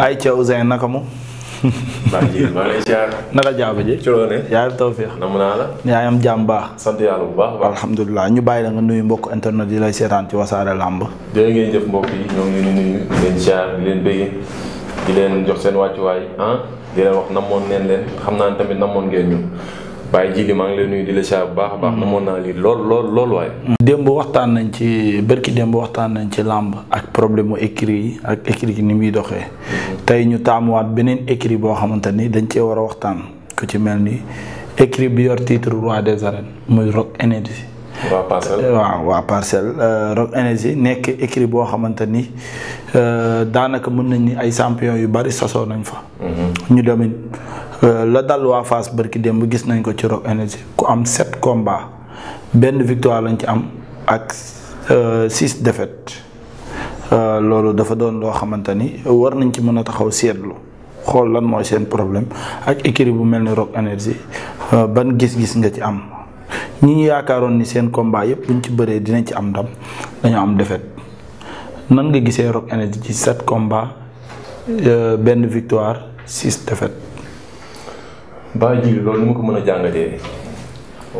ay ca Ouzin naka mu. maa ngi maa ngi lay ziar. naka jaaba ji. ci loolu yaa ngi tawféex. namm naa la. yaa ngi am jàmm baax. sant yàlla bu baax. alhamdulilah ñu bàyyi la nga nuyu mbokk internet yi lay seetaan ci wasaare làmb. jërë ngeen jëf mbokk yi ñoo ngi di nuyu di leen ziar di leen bëggee di leen jox seen wàccuwaay ah di leen wax namoon neen leen xam naa ne tamit namoon ngeen ñu. Baye Jili maa ngi lay nuyu di la saa bu baax a baax. na mm. namoon naa lii lool lool lool waaye. démb waxtaan nañ ci bërki démb waxtaan nañ ci làmb ak problème mu écrit yi ak écrit gi ni muy doxee. Mm. tey ñu taamuwaat beneen écrit boo xamante ni dañ cee war a waxtaan ku ci mel ni écrit bi yor titre roi des arènes muy Rock Énergie. waa parcelle euh, waaw waa parcelle euh, Rock nekk écrit boo xamante ni euh, daanaka mën nañ ni ay champion yu bari sosoo nañ fa. Mm-hmm. ñu demit Euh, la dal waa fas bërki démb gis nañ ko ci Rock Énergie ku am sept combats benn victoire lañ ci am ak euh, six défaites euh, loolu dafa doon loo xamante ni war nañ ci mën a taxaw seetlu xool lan mooy seen problème ak écurie bu mel ni Rock Énergie ban gis-gis nga ci am ñi ñu yaakaaroon ni seen combat yëpp buñ ci bëree dinañ ci am ndam dañoo am defet nan nga gisee Rock Énergie ci sept combats benn victoire six defet bàyyi ji loolu ni ma ko mën a jàngatee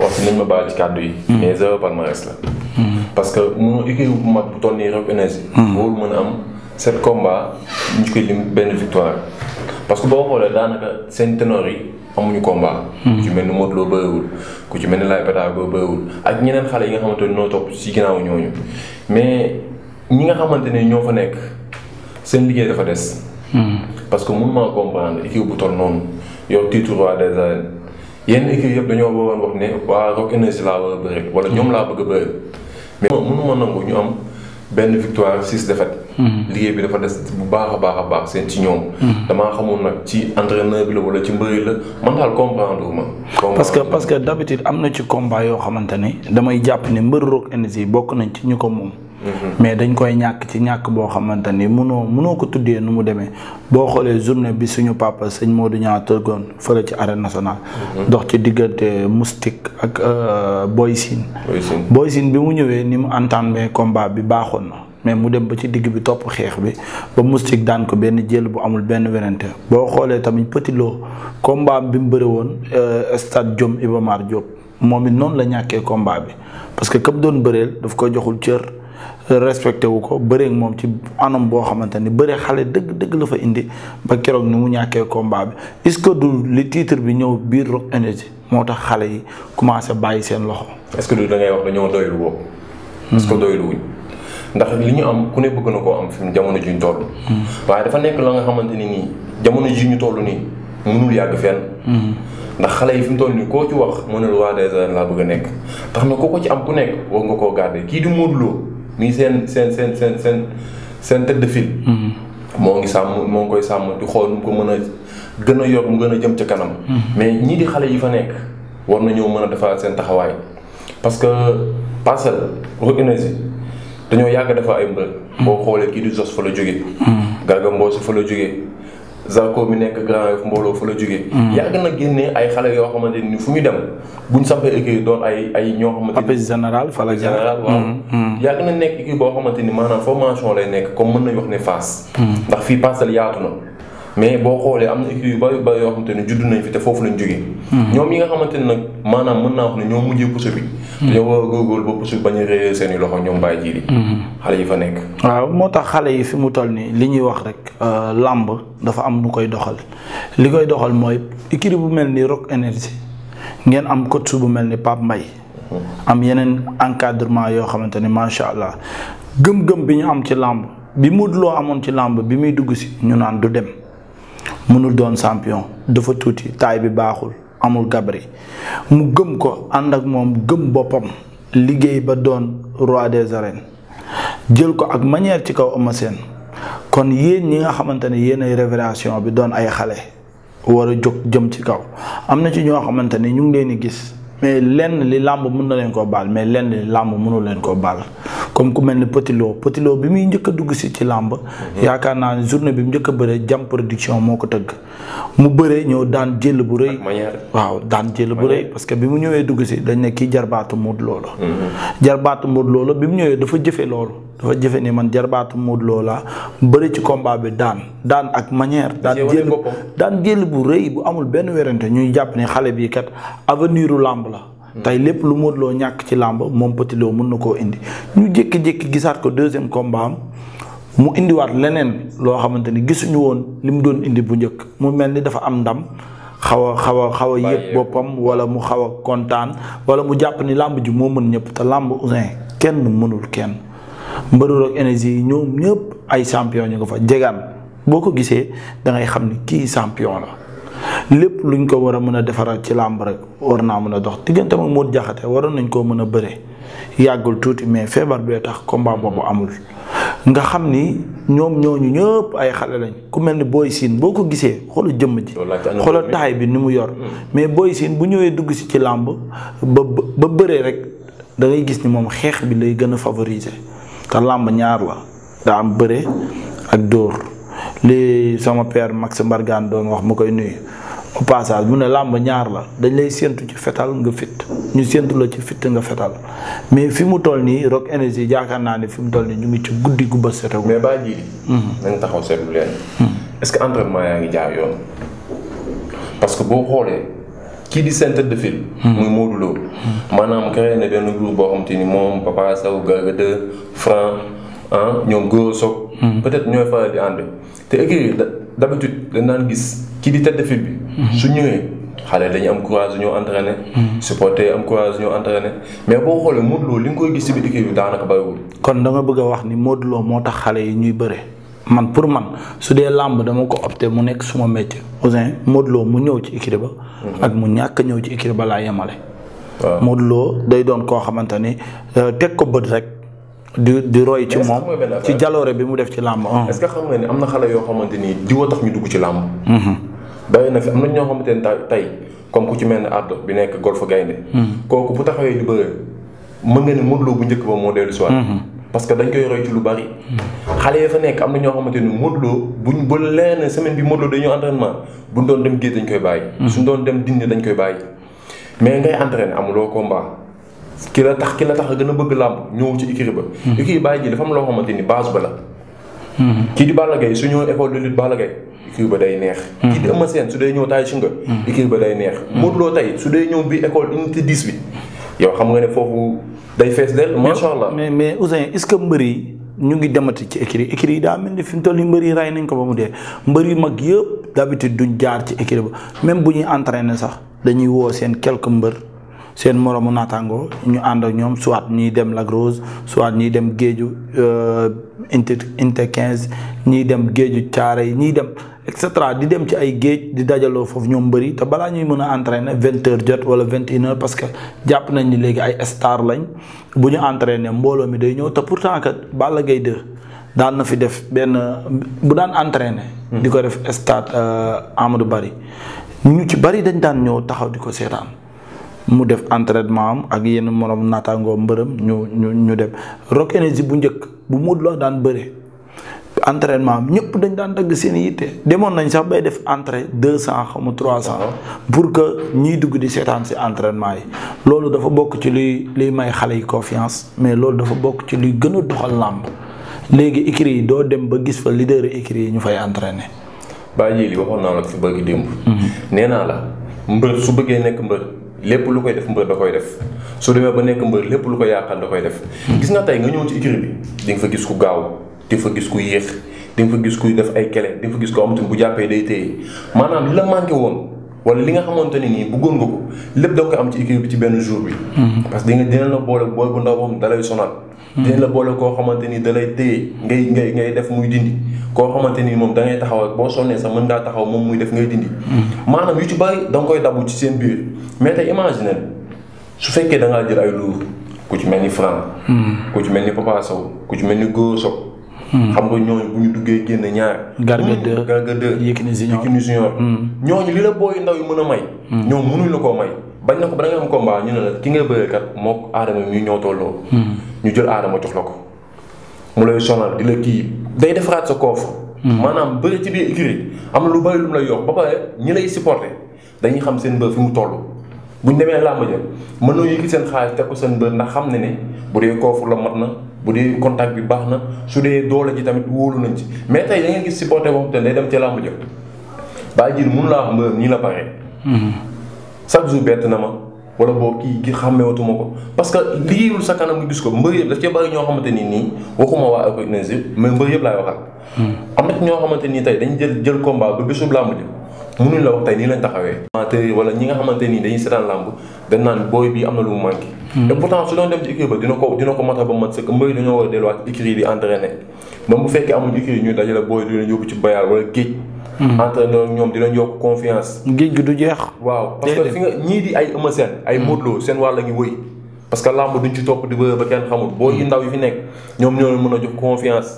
wax si nañ ma baal ci kàddu yi. Hmm. mais zéro palmarès la. Hmm. parce que mënoo équipe bu mag bu toll nii Rock Énergie. Hmm. warul mën a am sept combats ñu koy lim benn victoire parce que boo xoolee daanaka seen ténor yi amuñu combat. ku ci mel ni Modou Lo bëriwul ku ci mel ni Laye Batago bëriwul ak ñeneen xale yi nga xamante ne ñoo topp ci ginnaaw ñooñu mais ñi nga xamante ne ñoo fa nekk seen liggéey dafa des. parce que mën maa comprendre bu toll noonu. yow titre roi des arènes yenn équipe yëpp dañoo waroon wax ne waa Rock Énergie laa war a bëri wala ñoom laa bëgg a bëri mais mënuma nangu ñu am benn victoire six défaites mhm. liggéey bi dafa des bu baax a baax a baax seen ci ñoom. Mhm. damaa xamul nag ci entraîneur bi la wala ci mbëri la man daal comprendre ma. parce que parce que d'habitude am na ci combat yoo xamante ne damay jàpp ne mbër Rock Énergie bokk nañ ci ñu ko moom. Mm-hmm. mais dañ koy ñàkk ci ñàkk boo xamante ni munoo munoo ko tuddee nu mu demee boo xoolee journée bi suñu papa sëñ Modou Niang tëggoon fële ci arène national mm-hmm. dox ci diggante Moustique ak euh, Boy Sine. Boy Sine bi mu ñëwee ni mu entendre combat bi baaxoon na. mais mu dem ba ci digg bi topp xeex bi ba Moustique daan ko benn jël bu amul benn werante boo xoolee tamit pëtiloo Lo bi mu bëri woon euh, stade Jom Iba Mar Diop moom it noonu la ñàkkee combat bi parce que këpp doon bëreel daf ko joxul cër. respecté wu ko bëreeg moom ci anam boo xamante ni bëre xale dëgg dëgg la fa indi ba keroog ni mu ñàkkee combat bi est-ce que du li titre bi ñëw biir Rock Énergie moo tax xale yi commencé bàyyi seen loxo. est-ce que du da ngay wax doylu woo. est-ce que hmm. doylu wuñ ndax li ñu am ku ne bëgg na koo am fi jamono ji ñu toll. Hmm. waaye dafa nekk xamante ni nii jamono ji ñu toll nii mënul yàgg fenn. Hmm. ndax xale yi fi mu toll nii koo ci wax mënul waa des laa bëgg a nekk tax na koo ko ci am ku nekk war nga koo garder kii di Modou mii seen seen seen seen seen seen tête de file. Mm-hmm. moo ngi sàmm moo ngi koy sàmm di xool nu mu ko mën a gën a yor mu gën a jëm ca kanam. Mm-hmm. mais ñii di xale yi fa nekk war nañoo mën a defaraat seen taxawaay parce que parcelle Rock Énergie dañoo yàgg dafa ay mbër. Mm-hmm. boo xoolee kii di Zos fa la jógee. Garga Mbossé fa la jógee. Zarko mi nekk Grand mbooloo fa la jógee. Mm. yàgg na génne ay xale yoo xamante ni fu ñu dem buñ sampee équipe doon ay ay ñoo xamante ni. papis général fa la général waaw. Mm, mm. yàgg na nekk équipe boo xamante ni maanaam formation lay nekk comme mën na wax ne Fass. ndax fii Parcelles yaatu na. mais boo xoolee am na équipe yu bari bari yoo xamante ne juddu nañ fi te foofu lañ jógee. Hmm. ñoom yi nga xamante ne nag maanaam mën naa wax na ñoo mujjee puso bi. dañoo hmm. war a góorgóorlu ba puso bi bañ a réer seen i loxo ñoom bàyyi ji hmm. xale yi fa nekk. waaw moo tax xale yi fi mu toll nii li ñuy wax rek euh, làmb dafa am nu koy doxal li koy doxal mooy équipe bu mel ni Rock Énergie ngeen am coach bu mel ni Pape Mbaye am yeneen encadrement yoo xamante ne macha allah gëm-gëm bi ñu am ci làmb bi Modou Lo amoon ci làmb bi muy dugg si ñu naan du dem. mënul doon champion dafa tuuti taay bi baaxul amul gabri mu gëm ko ànd ak moom gëm boppam liggéey ba doon roi des arènes jël ko ak manière ci kaw Eumeu kon yéen ñi nga xamante ne yéen ay révération bi doon ay xale war a jóg jëm ci kaw am na ci ñoo xamante ne ñu ngi leen di gis mais lenn li làmb mun na leen ko baal mais lenn li làmb mënul leen ko baal comme ku mel ni Petit Lo bi muy njëkk dugg si ci làmb yaakaar naa ne journée bi mu njëkk a bëre jam production moo ko tëgg mu bëree ñëw daan jël bu rëy waaw daan jël bu rëy parce que bi mu ñëwee dugg si dañ ne kii jarbaatu Modou Lo la mhm. jarbaatu Modou Lo bi mu ñëwee dafa jëfe loolu dafa jëfe ni man jarbaatu Modou Lo la bëri ci combat bi daan daan ak manière daan jël daan jël bu rëy bu amul benn werante ñuy jàpp ne xale bii kat avenir làmb la tey lépp lu Modou Lo ñàkk ci làmb moom Petit Lo mën na koo indi ñu jékki-jékki gisaat ko deuxième combat am mu indiwaat leneen loo xamante ni gisuñu woon li mu doon indi bu njëkk mu mel ni dafa am ndam xaw a xaw a xaw a boppam wala mu xaw a kontaan wala mu jàpp ni làmb ji moo mën ñëpp te làmb Ouzin kenn mënul kenn mbërul ak énergie yi ñoom ñëpp ay champion ñu nga fa jegaan boo ko gisee dangay xam ni kii champion la lépp lu luñ ko war a mën a defaral ci làmb rek war naa mën a dox diggante ak Modou Diakhaté waroon nañ koo mën a bëre yàggul tuuti mais feebar bee tax combat boobu amul. nga xam ni ñoom ñooñu ñëpp ay xale lañ ku mel ni Boy Sine boo ko gisee xoolal jëmm ji. xolo taay bi ni mu yor. Hmm. mais Boy Sine bu ñëwee dugg si ci làmb ba ba bëree rek dangay gis ni moom xeex bi lay gën a favoriser te làmb ñaar la daa am bëre ak dóor li sama père Max Mbargane doon wax mu koy nuyu. au passage mu ne làmb ñaar la dañ lay séentu ci fetal nga fit ñu séentu la ci fit nga fetal mais fi mu toll nii Rock Énergie yaakaar naa ne fi mu toll nii ñu ngi ci guddi gu bës rek. mais ba ji. Hmm. nañ taxaw seetlu leen. Hmm. est-ce que entraînement yaa ngi jaar yoon. parce que boo xoolee kii di centre de fil. Hmm. muy Modou Lo. maanaam créé na benn groupe boo xam te ni moom Papa Sow Garga Franc ah, ñoom Goro Sock. être ñooy faral di ànd te écurie d'habitude dañ naan gis kii di tête bi. su ñëwee xale dañu am courage ñoo entraîné. Mm-hmm. supporter am courage ñoo entraîné mais boo xoolee Modou Lo li nga koy gis ci biir kii bi daanaka bariwul. kon da nga bëgg a wax ni Modou moo tax xale yi ñuy bëre man pour man su dee làmb dama ko opté mu nekk suma métier Ouzin moduloo mu ñëw ci écurie ba. Mm-hmm. ak mu ñàkk ñëw ci écurie ba laa yemale. waaw day doon koo xamante ni euh, teg ko bët rek. di di roy ci moom ci jaloore bi mu def ci làmb. est que xam nga am na xale yoo xamante ni diwa tax ñu dugg ci làmb. Mm-hmm. doy na fi am na ñoo xamante ne tey comme ku ci mel ne Ardo bi nekk Golf Gaynde hmm. kooku bu taxawee di bëre mën nga ne Modou Lo bu njëkk ba moo dellu si hmm. parce que dañ koy roy lu bari. xale ya fa am na ñoo xamante ni Modou Lo buñ ba leen semaine bi Modou Lo dañoo entraînement buñ doon dem géej dañ koy bàyyi. Hmm. suñ doon dem dindi dañ koy bàyyi. mais ngay entraîné amuloo combat ki la tax ki la tax a gën a bëgg làmb ñëw ci écurie ba. écurie bàyyi ji dafa am loo xamante ni base ba la. kii di Balla Gaye su équipe ba day neex. Mm-hmm. kii di Eumeu Sène su dee ñëw taay sunga mm-hmm. équipe ba day neex. Mm-hmm. Modou Lo tey su dee ñëw bi école unité 10 bi yow xam nga ne foofu day fees del macha allah mais mais Ouzin est-ce mbër yi ñu ngi demati ci écurie écurie yi daa mel ni fi toll nii mbër yi ray nañ ba mu dee mbër yu mag yëpp d'habitude duñ jaar ci écurie ba même bu ñuy entraîner sax dañuy woo seen quelques mbër. seen moromu naataangoo ñu ànd ak ñoom soit ñiy dem Lac Rose soit ñiy dem géeju inte inte 15 ñiy dem géeju caare yi ñiy dem et cetera di dem ci ay géej di dajaloo foofu ñoom bëri te balaa ñuy mën a entraîner vingt heures jot wala vingt et une parce que jàpp nañ ni léegi ay star lañ bu ñu entraîner mbooloo mi day ñëw te pourtant kat Balla Gaye 2 daan na fi def benn bu daan entraîner. di ko def stade euh, Amadou Barry ñu ci bari dañ daan ñëw taxaw di ko seetaan. mu def entraînement am ak yenn moroom naataangoo mbërëm ñu ñu ñu dem Rock Énergie bu njëkk bu muut Lo daan bëre entraînement am ñëpp dañ daan dagg seen yitte demoon nañ sax bay def entrée deux cent xamu trois cent pour que ñuy dugg di seetaan si entrainement yi loolu dafa bokk ci luy luy may xale yi confiance mais loolu dafa bokk ci luy gën a doxal làmb léegi écurie yi doo dem ba gis fa leader écurie yi ñu fay entraîné. baa ji li waxoon naa la fi mhm. bëgg bëggee nekk lépp lu koy def mbër da koy def su demee ba nekk mbër lépp lu ko yàqal da koy def gis nga tey nga ñëw ci écurie bi di nga fa gis ku gaaw di fa gis ku yéex di nga fa gis kuy def ay kele di nga fa gis ko amatul bu jàppee day téye maanaam li la manqué woon wala li nga xamante ne nii bëggoon nga ko lépp da nga koy am ci écurie bi ci benn jour bi mhm. parce que di nga dina la boole booy bu ndaw moom dalay sonal Hmm. dinañ la boole koo xamante ni da lay ngay ngay ngay def muy dindi koo xamante ni moom da ngay taxaw ak boo sonnee sax mën ngaa taxaw moom muy def ngay dindi hmm. maanaam yu ci bari da koy dabu ci seen biir mais tey imaginer su fekkee da jël ay luur ku ci mel ni Franc hmm. ku ci mel ni Papa Sow ku ci mel ni Goro Sock xam nga ñooñu bu ñu duggee génn ñaar. Garga 2 Garga 2 Yékini Junior Yékini Junior ñooñu li la booy ndaw yi mën a may. ñoom mënuñ la koo may. bañ na ko ba da nga am combat ñu ne la ki ngay bëree kat mook aadama mi ñëw tolloo. Hmm. ñu jël aadama jox la ko. mu lay sonal di la kii day defaraat sa koofu. Hmm. maanaam bëri ci biir écurie am na lu bëri lu mu lay yokk ba pare ñi lay supporté dañuy xam seen mbër fi mu toll. buñ demee làmb ja mën na yëkki seen xaalis teg ko seen mbër ndax xam ne ne bu dee koofu la mat na bu dee contact bi baax na su dee doole ji tamit wóolu nañ ci mais tey da ngeen gis supporté boobu day dem ci làmb ja. baa jiir mun laa wax mbër ñi la pare. Hmm. chaque jour bett na ma wala boo kii gi watuma ko parce que liggéeyul sa kanam nga gis ko mbër yëpp daf cee ñoo xamante ni nii waxuma waa Eco Énergie mais mbër yëpp laay waxal. am na ñoo xamante nii tey dañ jël jël combat ba bésub làmb ji mënuñ la wax tey nii lañ taxawee. amateur wala ñi nga xamante nii dañuy seetaan làmb dañ naan booy bi am na lu mu manqué. Hmm. et pourtant su doon dem ci écurie ba dina ko dina ko matal ba mat sëkk mbëri dañoo war a delluwaat écurie di entraîner même bu fekkee amuñ écurie hmm. géej. gi du jeex. waaw ñii ay Eumeu ay hmm. Modou seen wàll la ngi parce que làmb duñ ci topp di bëre ba kenn xamul boo yi ndaw yi fi nekk ñoom ñoo leen mën a jox confiance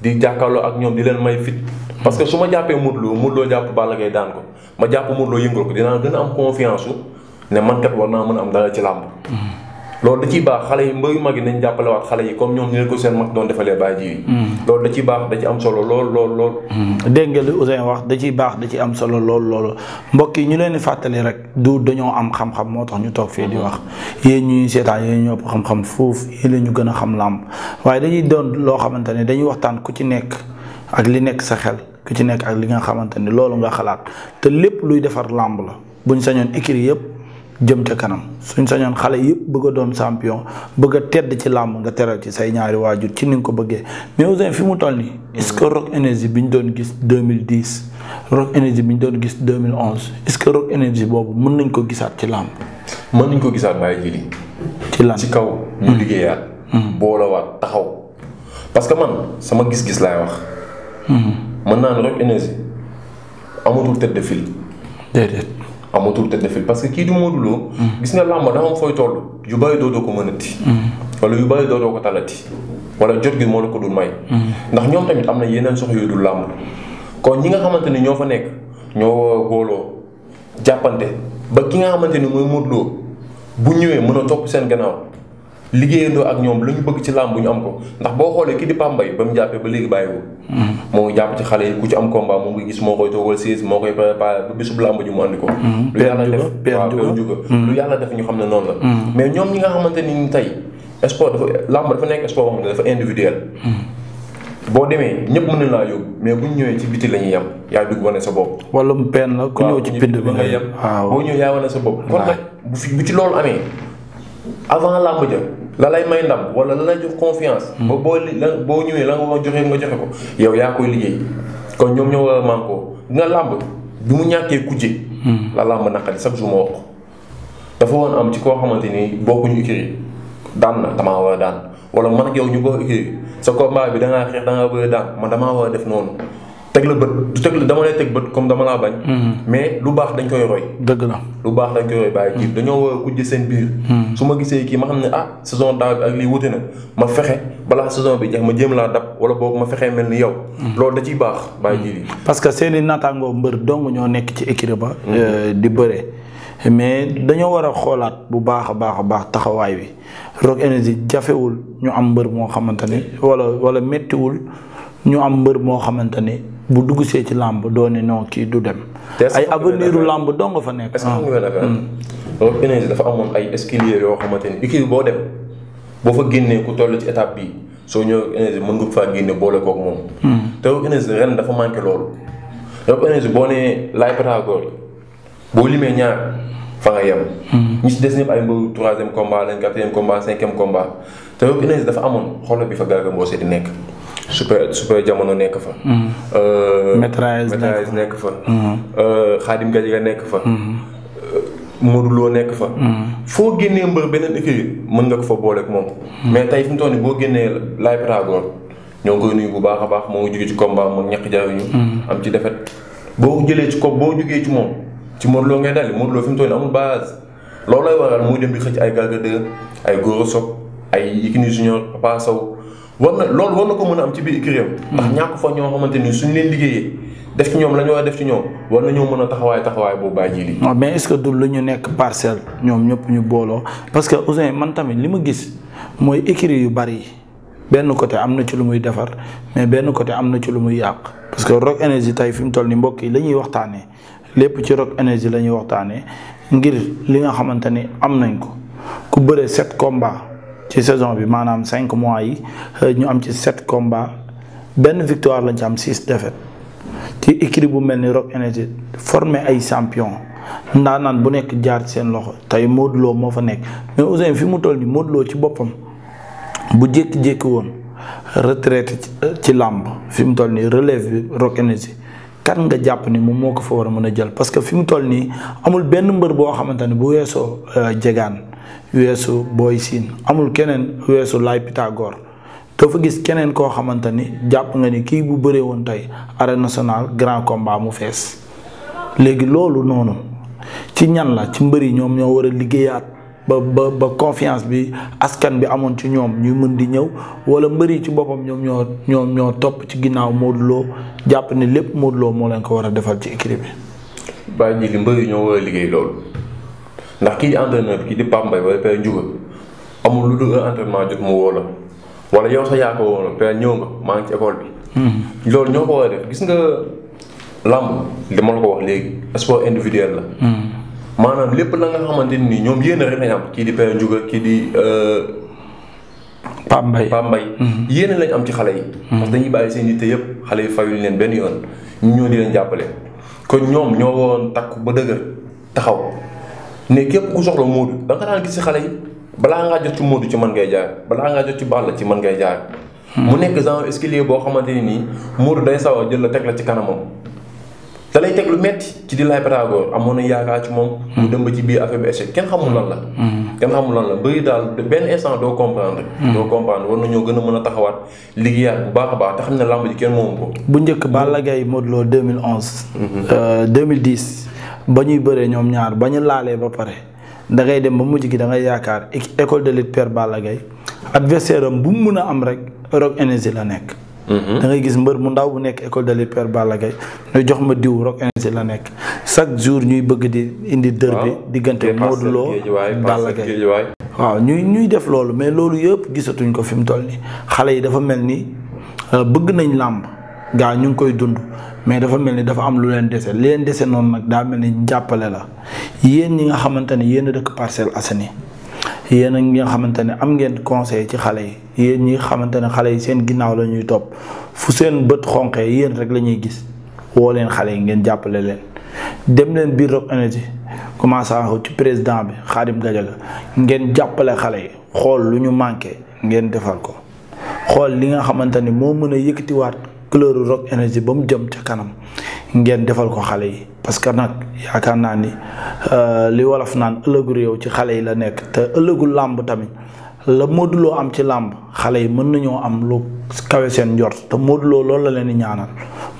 di jàkkaarloo ak ñoom di leen may fit parce que su ma jàppee Modou Lô Modou Lô jàpp daan ko ma jàpp Modou Lô yëngal ko dinaa gën a am confiance su ne man kat war naa mën am dara ci làmb loolu da ciy baax xale yi mbëri mag yi nañ jàppalewaat xale yi comme ñoom ñu ne ko seen mag doon defalee bàyyi ji mm. loolu da ciy baax da ci am solo lool lool mm. dégg nga li Ousseyn wax da ciy baax da ci am solo lool loolu mbokk yi ñu leen di rek du dañoo am xam-xam moo tax ñu toog fii di wax yéen ñuy seetaan yéen ñoo xam-xam foofu yéen la ñu gën a xam làmb waaye dañuy doon loo xamante ne dañuy waxtaan ku ci nekk ak li nekk sa xel ku ci nekk ak li nga xamante ne loolu nga xalaat te lépp luy defar làmb la buñ sañoon écrit yëpp jëm ca kanam suñ sañoon xale yëpp bëgg a doon champion bëgg a tedd ci làmb nga teral ci say ñaari waajur ci ni nga ko bëggee mais Ouzin fi mu toll nii. est-ce que Rock Énergie bi ñu doon gis 2010 Rock Énergie bi ñu doon gis 2011 est-ce que Rock Énergie boobu mën nañ ko gisaat ci làmb. mën nañ ko gisaat bàyyi ji lii. ci làmb ci kaw. ñu hmm. liggéeyaat. boola hmm. boolawaat taxaw. parce que man sama gis-gis laay wax. Hmm. mën naa ne Rock Énergie amatul tête de amatul tête de fil parce que kii du Modou Lo mm-hmm. gis nga làmb dafa am fooy toll yu bàyyi doodoo ko mënati mm-hmm. wala yu bàyyi doodoo ko talati wala jot gi moo la ko dul may mm-hmm. ndax ñoom tamit am na yeneen sox yooyu dul làmb kon ñi nga xamante ni ñoo fa nekk ñoo booloo jàppante ba ki nga xamante ni mooy Modou Lo bu ñëwee mën a topp seen gannaaw liggéeyandoo ak ñoom la ñu bëgg ci làmb ñu am ko ndax boo xoolee ki di Pambay ba mu jàppee ba léegi bàyyiwul. Mm-hmm. moo jàpp ci xale yi ku ci am combat moom ngi gis moo koy toogal siis moo koy préparé ba bisub làmb ji mu andi ko. Mm-hmm. lu yàlla def waaw peer juga mm-hmm. lu yàlla def ñu xam ne noonu la. mais ñoom ñi nga xamante ni ni tey sport dafa làmb dafa nekk sport boo xam ne dafa individuel. boo demee ñëpp mën naa laa yóbbu mais bu ñu ñëwee ci biti la ñuy yem yaa dugg wane sa bopp. wàllum benn ku ñëw ci bind ba nga yem. waaw sa bopp. kon nag ci loolu amee avant làmb la lay may ndam wala la lay jox confiance. Mm-hmm. ba li la boo ñëwee la nga war a joxe nga joxe ko yow yaa koy liggéey kon ñoom ñoo war a mànkoo nga làmb bi mu ñàkkee kujje. Mm-hmm. la làmb naqari chaque jour wax ko dafa woon am ci koo xamante ni bokkuñu écurie daan na damaa war daan wala man ak yow ñu bokk écurie sa combat bi da ngaa xeex da ngaa bëgg daan man damaa war def noonu. teg la bët du teg la dama lay teg bët comme dama laa bañ. Mhm. mais lu baax dañ koy roy. dëgg la lu baax dañ koy roy bàyyi kii mhm. dañoo war a kujje seen biir. Mhm. su ma gisee kii ma xam ne ah saison daaw bi ak lii wute na ma fexe balaa saison bi jeex ma jéem laa dab wala boog ma fexe mel ni yow. loolu da ciy baax bàyyi ji parce que seen i naataangoo mbër dong ñoo nekk ci écurie ba. Euh, di bëre mais dañoo war a xoolaat bu baax a baax a baax taxawaay wi Rock Énergie jafewul ñu am mbër moo xamante ni wala wala ñu am mbër moo xamante ni. bu dugg see ci làmb doo ne non kii du dem. te ay avenir u làmb doo nga fa nekk. est-ce que ah. hmm. dafa amoon ay escalier yoo xamante ni équipe boo dem boo fa génnee ku toll ci étape bi soo ñëwee énergie mën nga faa génne boole kook moom. Hmm. te énergie ren dafa manqué boo nee laay boo limee ñaar fa nga hmm. des ñëpp ay mbiru troisième combat lañ quatrième combat cinquième combat te énergie dafa amoon xoolal bi fa Garga Mbossé di nekk. super super jamono nekk fa. métrage mm. euh, nekk fa xaadim mm. euh, gajiga nekk fa. Mm. Euh, Modou Lo nekk fa. foo génnee mbër beneen écurie mën nga ko fa booleeg moom. mais tey fi mu toll boo génnee Laye Pythagore ñoo ngi koy nuyu bu baax a baax moo ngi jóge ci combat moom ñàkk jaayuñu. am ci defet boo jëlee ci ko boo jógee ci moom ci Modou Lo ngay dali Modou Lo fi mu toll nii amul base. loolooy waral muy dem di xëcc ay Garga 2 ay Goro Sock ay Yékini Junior Papa war na loolu war na ko mën a am ci biir écurie ndax ñàkk fa ñoo xamante ni suñ leen liggéeyee def ci ñoom la ñu war def ci ñoom war nañoo mën a taxawaay taxawaay boobu bàyyi ji li mais ce que du lu ñu nekk parcelle ñoom ñëpp ñu booloo parce que Ouzin man tamit li ma gis mooy écurie yu bari yi benn côté am na ci lu muy defar mais benn côté am na ci lu muy yàq parce que Rock Énergie tey fi mu toll ni mbokk yi la ñuy waxtaanee lépp ci Rock Énergie la ñuy waxtaanee ngir li nga xamante ni am nañ ko ku bëree sept combats ci saison bi maanaam cinq mois yi euh, ñu am ci sept combats benn victoire la ci am six défaites ci équipe bu mel ni Rock Énergie formé ay champion naan bu nekk jaar ci seen loxo tey Modou moo fa nekk mais Ouzin fi mu toll nii Modou ci boppam bu jékki-jékki woon retraité euh, ci làmb fi mu toll nii relève bi Rock Énergie kan nga jàpp ni moom moo ko fa war a mën a jël parce que fi mu toll nii amul benn mbër boo xamante ne bu weesoo jegaan euh, weesu Boy Sine amul keneen weesu Laye Pythagore dafa gis keneen koo xamante ni jàpp nga ni kii bu bëree woon tey arène nationale grand combat mu fees léegi loolu noonu ci ñan la ci mbër ñoom ñoo war a liggéeyaat ba ba ba confiance bi askan bi amoon ci ñoom ñuy mën di ñëw wala mbëri ci boppam ñoom ñoo ñoom ñoo topp ci ginnaaw Modou jàpp ni lépp Modou Lo moo leen ko war a defal ci équipe bi. baa ñoo war a liggéey loolu. ndax kii di entraîneur bi kii di Pape Mbaye wala Père Ndiouga amul lu dul entraînement jot mu woo la wala yow sax yaa ko woo la ñëw nga maa ngi ci école bi. Hmm. loolu ñoo ko war def gis nga làmb li ma la ko wax léegi sport individuel la. Hmm. maanaam lépp la nga xamante ni ñoom yéen rek lañ am kii di Père Ndiouga kii di. Euh, Pape Mbaye Pape Mbaye. Hmm. yéen lañ am ci xale yi. parce que dañuy bàyyi seen yitte yëpp xale yi fayul leen benn yoon ñu ñoo di leen jàppale. kon ñoom ñoo woon ba dëgër ne képp ku soxla Modou da nga daan gis si xale yi balaa ngaa jot ci Modou ci man ngay jaar balaa ngaa jot ci la ci man ngay jaar. Hmm. mu nekk genre escalier boo xamante ne nii Modou day sawa jël la teg la ci kanamam. da lay teg lu metti ci di laay pédagogue amoon na yaakaar ci moom. mu hmm. dem ba ci biir affaire bi échec kenn xamul lan la. Hmm. kenn xamul lan la bëri daal benn instant doo comprendre. doo comprendre war ñoo gën a mën a taxawaat liggéeyaat bu baax a baax te xam ne làmb ji kenn moomu ko. bu njëkk Balla Gaye Modou Lo ba ñuy bëree ñoom ñaar ba ñu laalee ba pare da ngay dem ba mujj gi da ngay yaakaar école de lutte Père Balla Gaye adversaire bu mu mun a am rek Rock Énergie la nekk. Mm-hmm. da ngay gis mbër mu ndaw bu nekk école de lutte per Balla ñu jox ma diw Rock Énergie la nekk chaque jour ñuy bëgg di indi dër bi diggante Modou Lo Balla waaw ñu ñuy def loolu mais loolu yëpp gisatuñ ko fi mu toll nii xale yi dafa mel ni euh, bëgg nañ làmb gaa ñu ngi koy dund mais dafa mel ni dafa am lu leen dese leen dese noonu nag daa mel ni jàppale la yéen ñi nga xamante ne yéen a dëkk Parcelles Assainies yéen ñi nga xamante ne am ngeen conseil ci xale yi yéen ñi nga xamante ne xale yi seen ginnaaw la ñuy topp fu seen bët xonqee yéen rek la ñuy gis woo leen xale yi ngeen jàppale leen dem leen biir Rock Énergie commencé ci président bi Khadim Gadiaga ngeen jàppale xale yi xool lu ñu manqué ngeen defar ko xool li nga xamante moo mën couleur rock énergie ba mu jëm ca kanam ngeen defal ko xale yi parce que nag yaakaar naa ni euh, li wolof naan ëllëgu réew ci xale yi la nekk te ëllëgu làmb tamit la Modou Lo am ci làmb xale yi mën nañoo am lu kawe seen njort te Modou Lo loolu la leen di ñaanal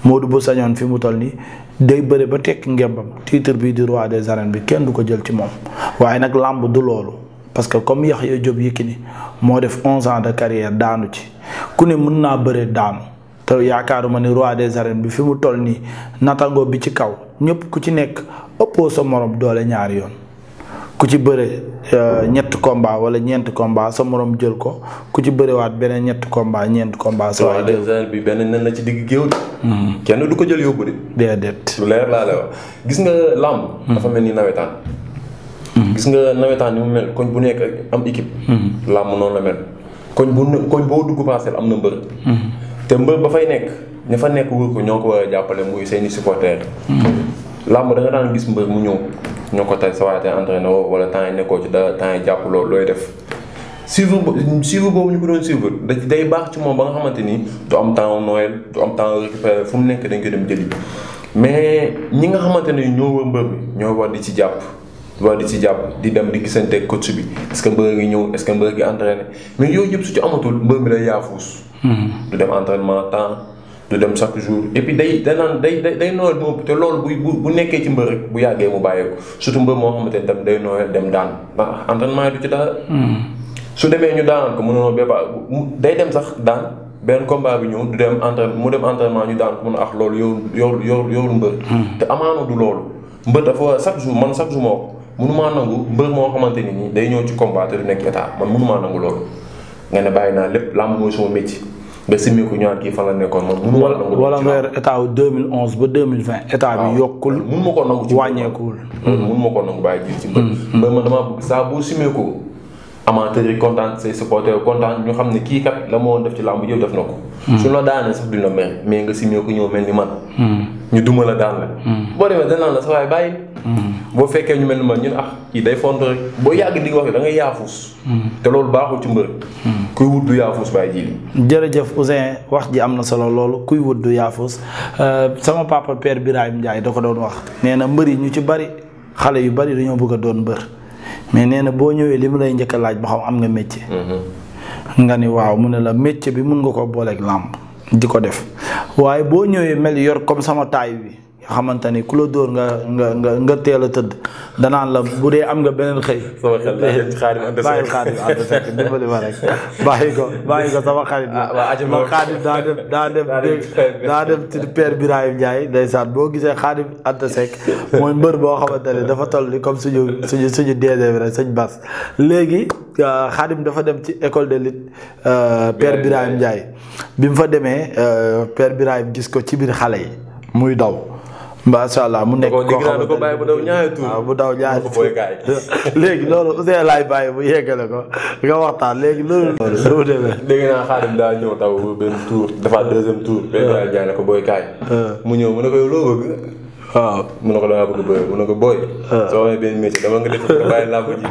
Modou bu sañoon fi mu toll nii day bëri ba tekk ngembam titre bii di roi des arènes bi kenn du ko jël ci moom waaye nag làmb du loolu. parce que comme Yaxya Jóob Yékini moo def onze ans de carrière daanu ci te yaakaaruma ni roi des arènes bi fi mu toll nii natango bi ci kaw ñëpp ku ci nekk ëppoo sa morom doole ñaari yoon ku ci bëre euh, ñett combat wala ñeent combat sa morom jël ko ku ci bërewaat beneen ñett combat ñeent combat. sa roi des arènes bi benn nen la ci digg géew hmm. kenn du ko jël yóbbu de. déedéet. lu leer laa lay gis nga làmb. Hmm. dafa mel ni nawetaan. Hmm. gis nga nawetaan ni mu mel koñ bu nekk am équipe. làmb noonu la mel koñ bu koñ boo dugg paaseel te mbër ba fay nekk ña fa nekk wër ko ñoo ko war a jàppale muy seeni supporter hmm. lamb da nga daan gis mbër mu ñëw ñoo ko tay sa waaye tey entraîné wala temps nekkoo ci dara temps jàpp loolu looy def suivre suivre boobu ñu ko doon day baax ci moom ba nga xamante ni du am temps Noël du am temps mu nekk dañ koy dem jëli mais ñi nga xamante ne ñoo wër mbër bi ñoo war di ci jàpp war di ci jàpp di dem di gisante coach bi est-ce que mbër ñëw est-ce que mbër gi entraîné mais yooyu yëpp su ci amatul mbër bi lay yaafuus Mm-hmm. du dem entraînement temps du dem chaque jour et day denaan day day day nooyal te loolu buy bu bu nekkee ci mbër rek bu yàggee mu bàyyi ko surtout mbër moo xamante ne tam day nooyal dem daan ndax entraînement yi ci dara. Mm-hmm. su demee ñu daanaan ko mënoonoo béba day dem sax daan. benn combat bi ñëw dem entraînement mu dem entraînement ñu daan ko mun a ah ax loolu yow yow yow yow mbër. Mm-hmm. te amaana du loolu. mbër dafa chaque jour man chaque jour moo ko mënumaa nangu mbër moo xamante ni nii day ñëw ci combat te du nekk état man mënumaa nangu loolu. nga ne bàyyi naa lépp làmb mooy sama métier ba simmi ko ñëwaat kii fan la nekkoon moom mënu ma la nangu wala weer état wu 2011 ba 2020 état bi yokkul. mun ma ko nangu ci wàññeekuwul. mun ma ko nangu mm. saa boo simmee ko amateur yi say supporters kontaan ñu xam ne kii kat la moo def ci làmb yëpp def na ko. Mm. su la daanee sax duñ la mel mais nga simmee ko ñëw mel ni man. Mm. ñu duma la daan la. boo demee dañ naan la sa waay bàyyi. Mm-hmm. boo fekkee ñu mel ni ma ñun ah kii day font rek boo yàgg di wax da ngay yaafus. Mm-hmm. te loolu baaxul ci mbër. Mm-hmm. kuy wut du yaafus bàyyi ji jërëjëf Ouzin wax ji am na solo loolu kuy wut du yaafus euh, sama papa père Birahim Ndiaye da ko doon wax nee na mbër yi ñu ci bari xale yu bari dañoo bëgg a doon mbër mais nee na boo ñëwee li mu lay njëkk a laaj ba xam am nga métier. nga ni waaw mu ne la métier bi mun nga ko booleek làmb di ko def waaye boo ñëwee mel yor comme sama taay bi. xamante ni ku la dóor nga nga nga nga teel a tëdd danaa la bu dee am nga beneen xëy. sama xel bàyyi ko bàyyi ko sama xarit la. Ah, waaw xaadim daa dem daa dem daa dem ci père Birahim boo gisee xaadim ànd sekk mooy mbër boo xamante ne dafa toll ni comme suñu suñu suñu DG bi rek sëñ Bass léegi euh, xaadim dafa dem ci école de lit euh, père Birahim Ndiaye bi mu fa demee euh, père Birahim gis ko ci biir xale yi muy daw. macha allah mu nekk koo xamante ko bàyyi bu daw ñaari tur waaw bu daw ñaari tur léegi loolu Ouzin laay bàyyi bu yeggale ko nga waxtaan léegi loolu. loolu demee dégg naa xaadim daa ñëw taw benn tour dafa deuxième tour. benn waay jaay na ko booy kaay. mu ñëw mu ne ko yow loo bëgg. waaw mun na ko dangaa bëgg booy mun na ko booy. Ah. soo amee benn métier dama nga def nga bàyyi làmb ji.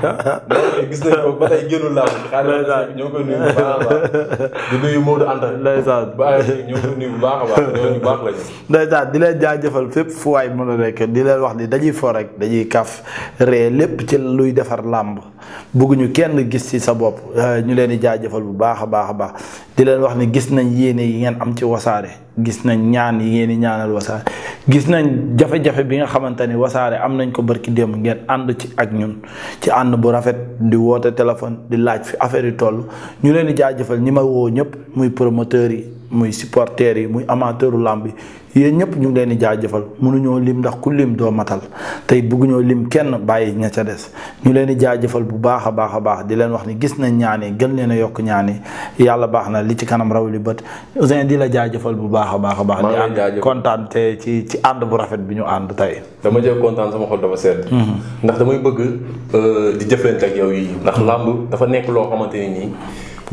donc ba tey génnul làmb ji. ndeysaan ñoo koy nuyu bu baax a baax di nuyu Modou Anta. ndeysaan baax ñoo koy bu baax a baax baax lañu. ndeysaan di leen jaajëfal fépp fu waay mën a di leen wax ni dañuy fo rek dañuy kaf ree lépp ci luy defar làmb bëgguñu kenn gis ci sa bopp euh, ñu leen di jaajëfal bu baax a baax a baax di leen wax ni gis nañ yéene yi ngeen am ci wasaare gis nañ ñaan yi ngeen ñaanal wasaare gis nañ jafe-jafe bi nga xamante ni wasaare am nañ ko barki démb ngeen ànd ci ak ñun ci ànd bu rafet di woote téléphone di laaj fi affaire yi toll ñu leen di jaajëfal ñi ma woo ñëpp muy promoteurs yi muy supporters yi muy amateuru làmb yi yéen ñëpp ñu leen di jaajëfal mënuñoo lim ndax ku lim doo matal tey bëgguñoo lim kenn bàyyi ña ca des ñu leen di jaajëfal bu baax a baax a baax di leen wax ni gis nañ ñaani gën leen a yokk ñaani yàlla baax na li ci kanam raw li bët Ouzin di la jaajëfal bu baax a baax a baax di ànd kontaan te ci ci ànd bu rafet bi ñu ànd tey dama jël kontaan sama xol dafa sedd mhm. ndax damay bëgg euh, di jëflante ak yow yi ndax làmb dafa nekk loo xamante ni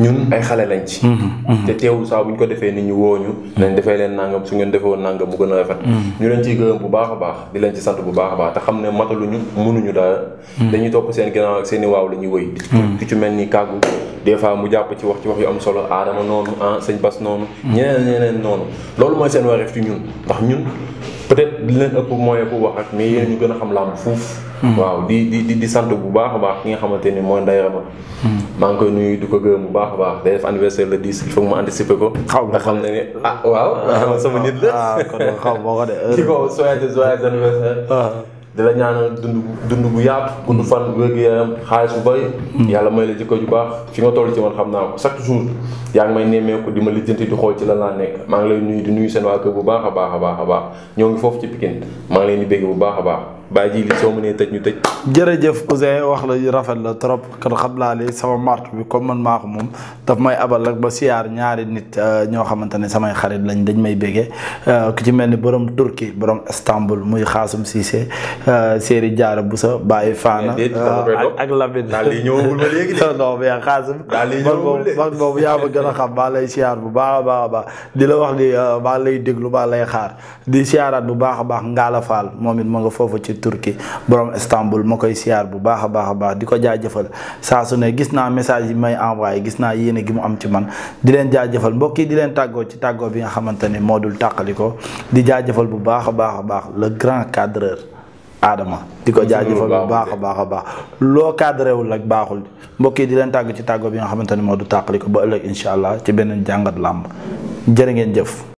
ñun mm-hmm. ay xale lañ ci. Mm-hmm. Mm-hmm. te teewul saa bu ñu ko defee nit ñu woo ñu. nañ defee leen nangam su ngeen defee woon nangam mu gën a rafet. ñu leen ciy gërëm bu baax a baax di leen ci sant bu baax a baax te xam ne mataluñu mënuñu dara. dañuy topp seen ginnaaw ak seen i waaw la ñuy wëy. ku ci mel ni kàggu des fois mu jàpp ci wax ci wax yu am solo aadama noonu ah sëñ Bas noonu. ñeneen ñeneen noonu loolu mooy seen wareef ci ñun ndax ñun. peut-être li leen ëpp mooy ku wax ak mais yéen gën a xam làmb fuuf. Hmm. waaw di di di sant bu baax a baax ki nga xamante ni mooy Ndeye Rama. Hmm. maa koy nuyu di ko gërëm bu baax a baax day def anniversaire le 10 il mu anticiper ko. xaw nga xam ne ni ah waaw. Ah, sama nit la ah kon xaw ma ko de. kii ko joyeux anniversaire. Ah. di la ñaanal dund dund bu yaatu. gudd fan wér-gu-yaram xaalis bu bëri. Hmm. yàlla may la jikko ju baax fi nga toll ci man xam naa ko chaque jour yaa ngi may nemmeeku di ma lijjanti di xool ci la laa nekk maa ngi lay nuyu di nuyu seen waa bu baax a baax a baax a baax ñoo ngi foofu ci Pikine maa ngi leen di bégg bu baax a baax. bàyyi ji li soo mënee tëj ñu tëj. jërëjëf Ouzin wax la rafet la trop kon xam naa sama martu bi comme man maa moom daf may abal rek ba siyaar ñaari nit euh, ñoo xamante ne samay xarit lañ dañ may béggee euh, ki ci mel ni borom Turquie borom Istanbul muy Xaasum Cissé Seri Diarra Boussa Baye Fana. ak Lamine daal di ñëwagul ba léegi de. non a xam maa lay bu baax a baax di la wax ni euh, maa lay déglu maa lay xaar di siyaaraat bu baax a baax Ngala Fall moom it ma nga foofu ci Turki borom Istanbul ma koy siyaar bu baax a baax a baax di ko jaajëfal saa su ne gis naa message yi may envoyé gis naa yéene gi mu am ci man di leen jaajëfal mbokk yi di leen tàggoo ci tàggoo bi nga xamante ne moo dul tàqaliko di jaajëfal bu baax a baax a baax le grand cadreur Adama di ko jaajëfal bu baax a baax a baax loo cadré ak baaxul mbokk yi di leen tàgg ci tàggoo bi nga xamante ne moo du tàqaliko ba ëllëg incha allah ci beneen jàngat làmb jërë ngeen jëf